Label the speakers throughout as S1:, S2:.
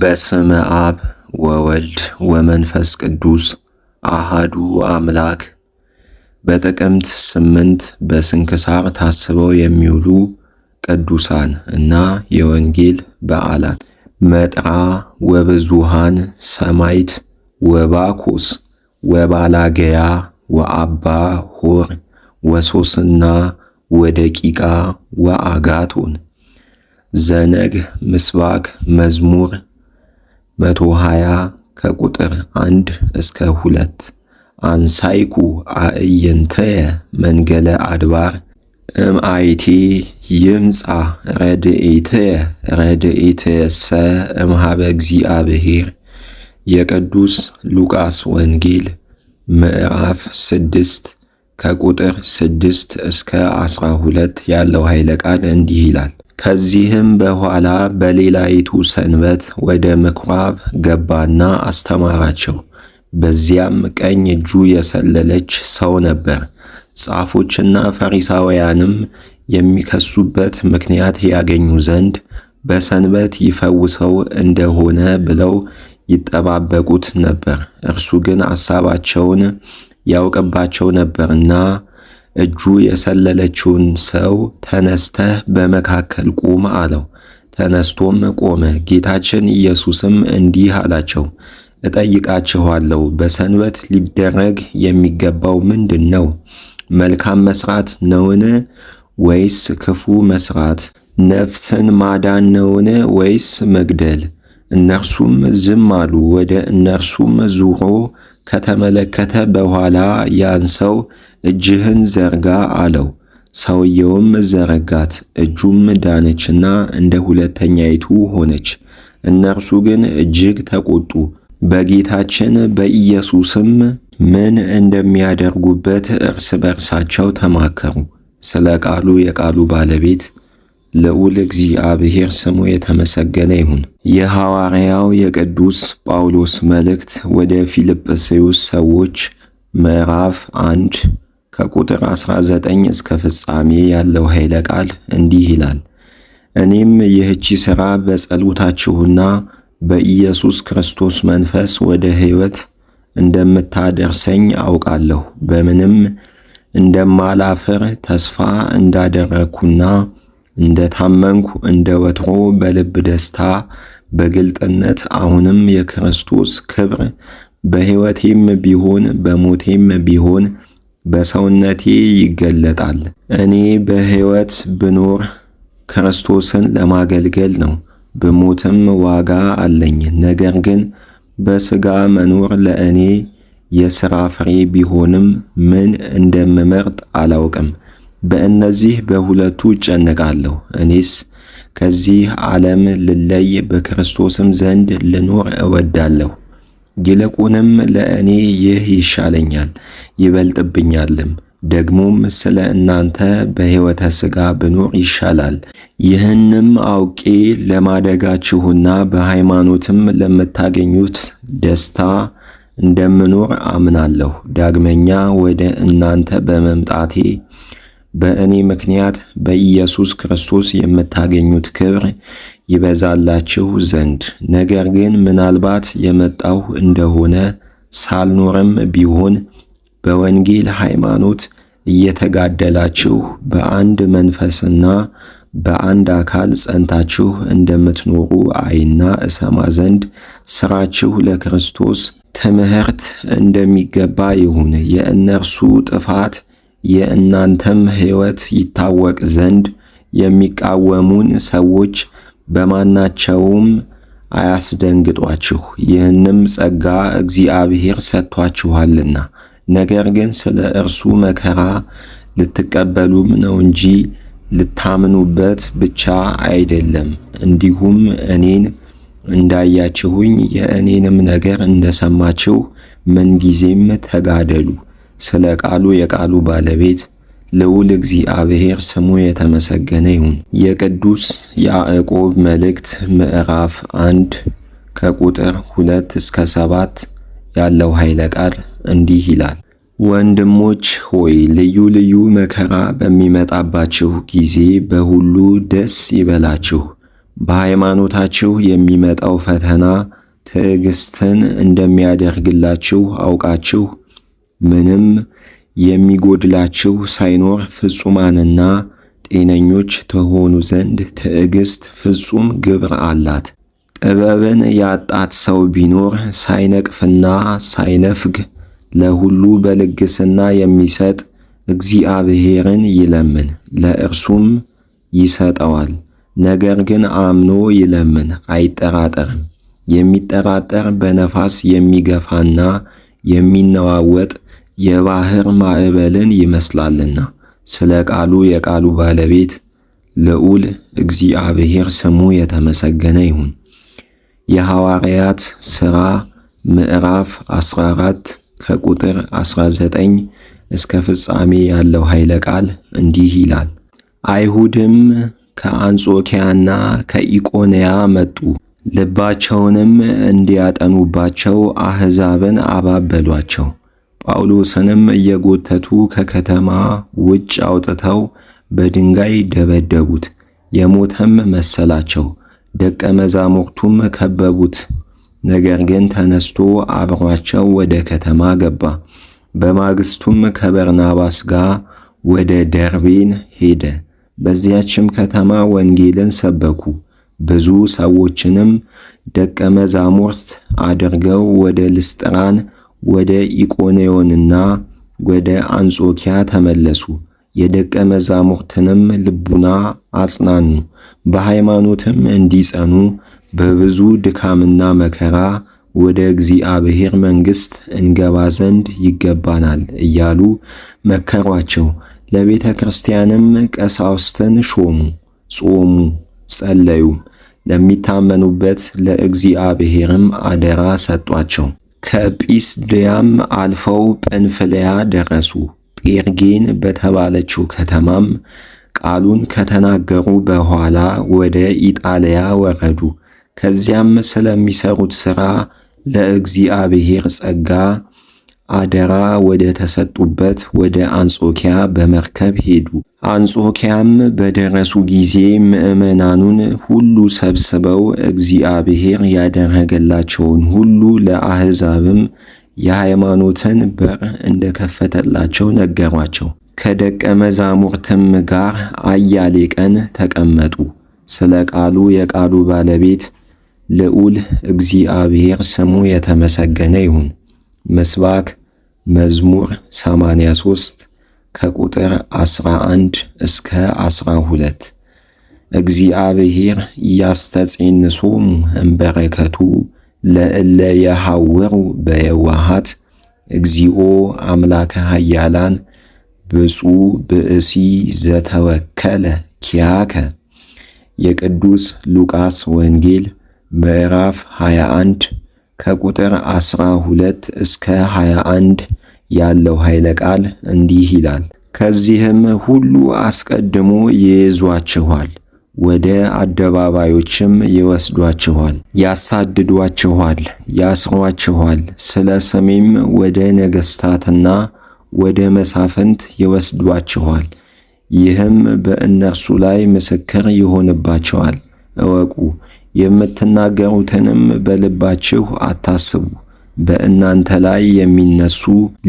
S1: በስመ አብ ወወልድ ወመንፈስ ቅዱስ አሃዱ አምላክ። በጥቅምት ስምንት በስንክሳር ታስበው የሚውሉ ቅዱሳን እና የወንጌል በዓላት መጥራ ወብዙሃን ሰማይት ወባኮስ ወባላገያ ወአባ ሆር ወሶስና ወደቂቃ ወአጋቶን ዘነግ ምስባክ መዝሙር መቶ 120 ከቁጥር 1 እስከ 2 አንሳይኩ አእየንተየ መንገለ አድባር እምአይቲ ይምጻ ረድኤትየ ረድኤትየሰ እምሃበ እግዚአብሔር። የቅዱስ ሉቃስ ወንጌል ምዕራፍ ስድስት ከቁጥር ስድስት እስከ አስራ ሁለት ያለው ኃይለ ቃል እንዲህ ይላል። ከዚህም በኋላ በሌላይቱ ሰንበት ወደ ምኩራብ ገባና አስተማራቸው። በዚያም ቀኝ እጁ የሰለለች ሰው ነበር። ጻፎችና ፈሪሳውያንም የሚከሱበት ምክንያት ያገኙ ዘንድ በሰንበት ይፈውሰው እንደሆነ ብለው ይጠባበቁት ነበር። እርሱ ግን አሳባቸውን ያውቅባቸው ነበርና እጁ የሰለለችውን ሰው ተነስተህ በመካከል ቁም አለው። ተነስቶም ቆመ። ጌታችን ኢየሱስም እንዲህ አላቸው፣ እጠይቃችኋለሁ በሰንበት ሊደረግ የሚገባው ምንድን ነው? መልካም መስራት ነውን? ወይስ ክፉ መስራት? ነፍስን ማዳን ነውን? ወይስ መግደል? እነርሱም ዝም አሉ። ወደ እነርሱም ዙሮ ከተመለከተ በኋላ ያን ሰው እጅህን ዘርጋ አለው። ሰውየውም ዘረጋት፣ እጁም ዳነችና እንደ ሁለተኛይቱ ሆነች። እነርሱ ግን እጅግ ተቆጡ። በጌታችን በኢየሱስም ምን እንደሚያደርጉበት እርስ በርሳቸው ተማከሩ። ስለ ቃሉ የቃሉ ባለቤት ልዑል እግዚአብሔር ስሙ የተመሰገነ ይሁን። የሐዋርያው የቅዱስ ጳውሎስ መልእክት ወደ ፊልጵስዩስ ሰዎች ምዕራፍ 1 ከቁጥር 19 እስከ ፍጻሜ ያለው ኃይለ ቃል እንዲህ ይላል። እኔም ይህቺ ሥራ በጸሎታችሁና በኢየሱስ ክርስቶስ መንፈስ ወደ ሕይወት እንደምታደርሰኝ አውቃለሁ። በምንም እንደማላፍር ተስፋ እንዳደረግኩና እንደ ታመንኩ እንደ ወትሮ በልብ ደስታ በግልጥነት አሁንም የክርስቶስ ክብር በሕይወቴም ቢሆን በሞቴም ቢሆን በሰውነቴ ይገለጣል። እኔ በሕይወት ብኖር ክርስቶስን ለማገልገል ነው፣ ብሞትም ዋጋ አለኝ። ነገር ግን በሥጋ መኖር ለእኔ የሥራ ፍሬ ቢሆንም ምን እንደምመርጥ አላውቅም። በእነዚህ በሁለቱ እጨነቃለሁ። እኔስ ከዚህ ዓለም ልለይ በክርስቶስም ዘንድ ልኖር እወዳለሁ። ይልቁንም ለእኔ ይህ ይሻለኛል ይበልጥብኛልም። ደግሞም ስለ እናንተ በሕይወተ ሥጋ ብኖር ይሻላል። ይህንም አውቄ ለማደጋችሁና በሃይማኖትም ለምታገኙት ደስታ እንደምኖር አምናለሁ። ዳግመኛ ወደ እናንተ በመምጣቴ በእኔ ምክንያት በኢየሱስ ክርስቶስ የምታገኙት ክብር ይበዛላችሁ ዘንድ ነገር ግን ምናልባት የመጣሁ እንደሆነ ሳልኖርም ቢሆን በወንጌል ሃይማኖት እየተጋደላችሁ በአንድ መንፈስና በአንድ አካል ጸንታችሁ እንደምትኖሩ አይና እሰማ ዘንድ ሥራችሁ ለክርስቶስ ትምህርት እንደሚገባ ይሁን። የእነርሱ ጥፋት የእናንተም ሕይወት ይታወቅ ዘንድ የሚቃወሙን ሰዎች በማናቸውም አያስደንግጧችሁ፣ ይህንም ጸጋ እግዚአብሔር ሰጥቷችኋልና። ነገር ግን ስለ እርሱ መከራ ልትቀበሉም ነው እንጂ ልታምኑበት ብቻ አይደለም። እንዲሁም እኔን እንዳያችሁኝ የእኔንም ነገር እንደሰማችሁ ምንጊዜም ተጋደሉ። ስለ ቃሉ የቃሉ ባለቤት ልዑል እግዚአብሔር ስሙ የተመሰገነ ይሁን። የቅዱስ ያዕቆብ መልእክት ምዕራፍ አንድ ከቁጥር ሁለት እስከ ሰባት ያለው ኃይለ ቃል እንዲህ ይላል። ወንድሞች ሆይ ልዩ ልዩ መከራ በሚመጣባችሁ ጊዜ በሁሉ ደስ ይበላችሁ። በሃይማኖታችሁ የሚመጣው ፈተና ትዕግስትን እንደሚያደርግላችሁ አውቃችሁ ምንም የሚጎድላችሁ ሳይኖር ፍጹማንና ጤነኞች ተሆኑ ዘንድ ትዕግስት ፍጹም ግብር አላት። ጥበብን ያጣት ሰው ቢኖር ሳይነቅፍና ሳይነፍግ ለሁሉ በልግስና የሚሰጥ እግዚአብሔርን ይለምን፣ ለእርሱም ይሰጠዋል። ነገር ግን አምኖ ይለምን፣ አይጠራጠርም። የሚጠራጠር በነፋስ የሚገፋና የሚነዋወጥ የባህር ማዕበልን ይመስላልና ስለ ቃሉ የቃሉ ባለቤት ልዑል እግዚአብሔር ስሙ የተመሰገነ ይሁን። የሐዋርያት ሥራ ምዕራፍ 14 ከቁጥር 19 እስከ ፍጻሜ ያለው ኃይለ ቃል እንዲህ ይላል። አይሁድም ከአንጾኪያና ከኢቆንያ መጡ፣ ልባቸውንም እንዲያጠኑባቸው አሕዛብን አባበሏቸው። ጳውሎስንም እየጎተቱ ከከተማ ውጭ አውጥተው በድንጋይ ደበደቡት። የሞተም መሰላቸው። ደቀ መዛሙርቱም ከበቡት። ነገር ግን ተነስቶ አብሯቸው ወደ ከተማ ገባ። በማግስቱም ከበርናባስ ጋር ወደ ደርቤን ሄደ። በዚያችም ከተማ ወንጌልን ሰበኩ። ብዙ ሰዎችንም ደቀ መዛሙርት አድርገው ወደ ልስጥራን ወደ ኢቆንዮንና ወደ አንጾኪያ ተመለሱ። የደቀ መዛሙርትንም ልቡና አጽናኑ፣ በሃይማኖትም እንዲጸኑ በብዙ ድካምና መከራ ወደ እግዚአብሔር መንግሥት እንገባ ዘንድ ይገባናል እያሉ መከሯቸው። ለቤተ ክርስቲያንም ቀሳውስትን ሾሙ። ጾሙ፣ ጸለዩም፣ ለሚታመኑበት ለእግዚአብሔርም አደራ ሰጧቸው። ከጲስድያም አልፈው ጵንፍልያ ደረሱ። ጴርጌን በተባለችው ከተማም ቃሉን ከተናገሩ በኋላ ወደ ኢጣልያ ወረዱ። ከዚያም ስለሚሠሩት ሥራ ለእግዚአብሔር ጸጋ አደራ ወደ ተሰጡበት ወደ አንጾኪያ በመርከብ ሄዱ። አንጾኪያም በደረሱ ጊዜ ምዕመናኑን ሁሉ ሰብስበው እግዚአብሔር ያደረገላቸውን ሁሉ ለአሕዛብም የሃይማኖትን በር እንደከፈተላቸው ነገሯቸው። ከደቀ መዛሙርትም ጋር አያሌ ቀን ተቀመጡ። ስለ ቃሉ የቃሉ ባለቤት ልዑል እግዚአብሔር ስሙ የተመሰገነ ይሁን። ምስባክ መዝሙር 83 ከቁጥር 11 እስከ 12 እግዚአብሔር ያስተጼንሶሙ እምበረከቱ ለእለ የሐውሩ በየዋሃት እግዚኦ አምላከ ኃያላን ብፁ ብእሲ ዘተወከለ ኪያከ። የቅዱስ ሉቃስ ወንጌል ምዕራፍ 21 ከቁጥር 12 እስከ 21 ያለው ኃይለ ቃል እንዲህ ይላል። ከዚህም ሁሉ አስቀድሞ ይይዟችኋል፣ ወደ አደባባዮችም ይወስዷችኋል፣ ያሳድዷችኋል፣ ያስሯችኋል። ስለ ስሜም ወደ ነገሥታትና ወደ መሳፍንት ይወስዷችኋል። ይህም በእነርሱ ላይ ምስክር ይሆንባቸዋል። እወቁ የምትናገሩትንም በልባችሁ አታስቡ። በእናንተ ላይ የሚነሱ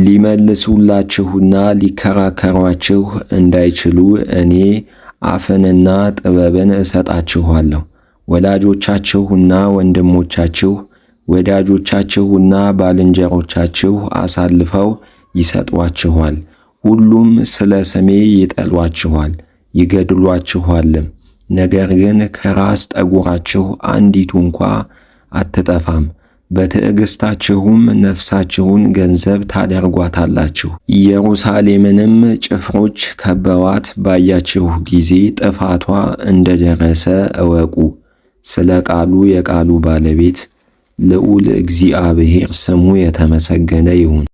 S1: ሊመልሱላችሁና ሊከራከሯችሁ እንዳይችሉ እኔ አፍንና ጥበብን እሰጣችኋለሁ። ወላጆቻችሁና ወንድሞቻችሁ ወዳጆቻችሁና ባልንጀሮቻችሁ አሳልፈው ይሰጧችኋል። ሁሉም ስለ ስሜ ይጠሏችኋል፣ ይገድሏችኋልም ነገር ግን ከራስ ጠጉራችሁ አንዲቱ እንኳ አትጠፋም። በትዕግሥታችሁም ነፍሳችሁን ገንዘብ ታደርጓታላችሁ። ኢየሩሳሌምንም ጭፍሮች ከበዋት ባያችሁ ጊዜ ጥፋቷ እንደደረሰ እወቁ። ስለ ቃሉ የቃሉ ባለቤት ልዑል እግዚአብሔር ስሙ የተመሰገነ ይሁን።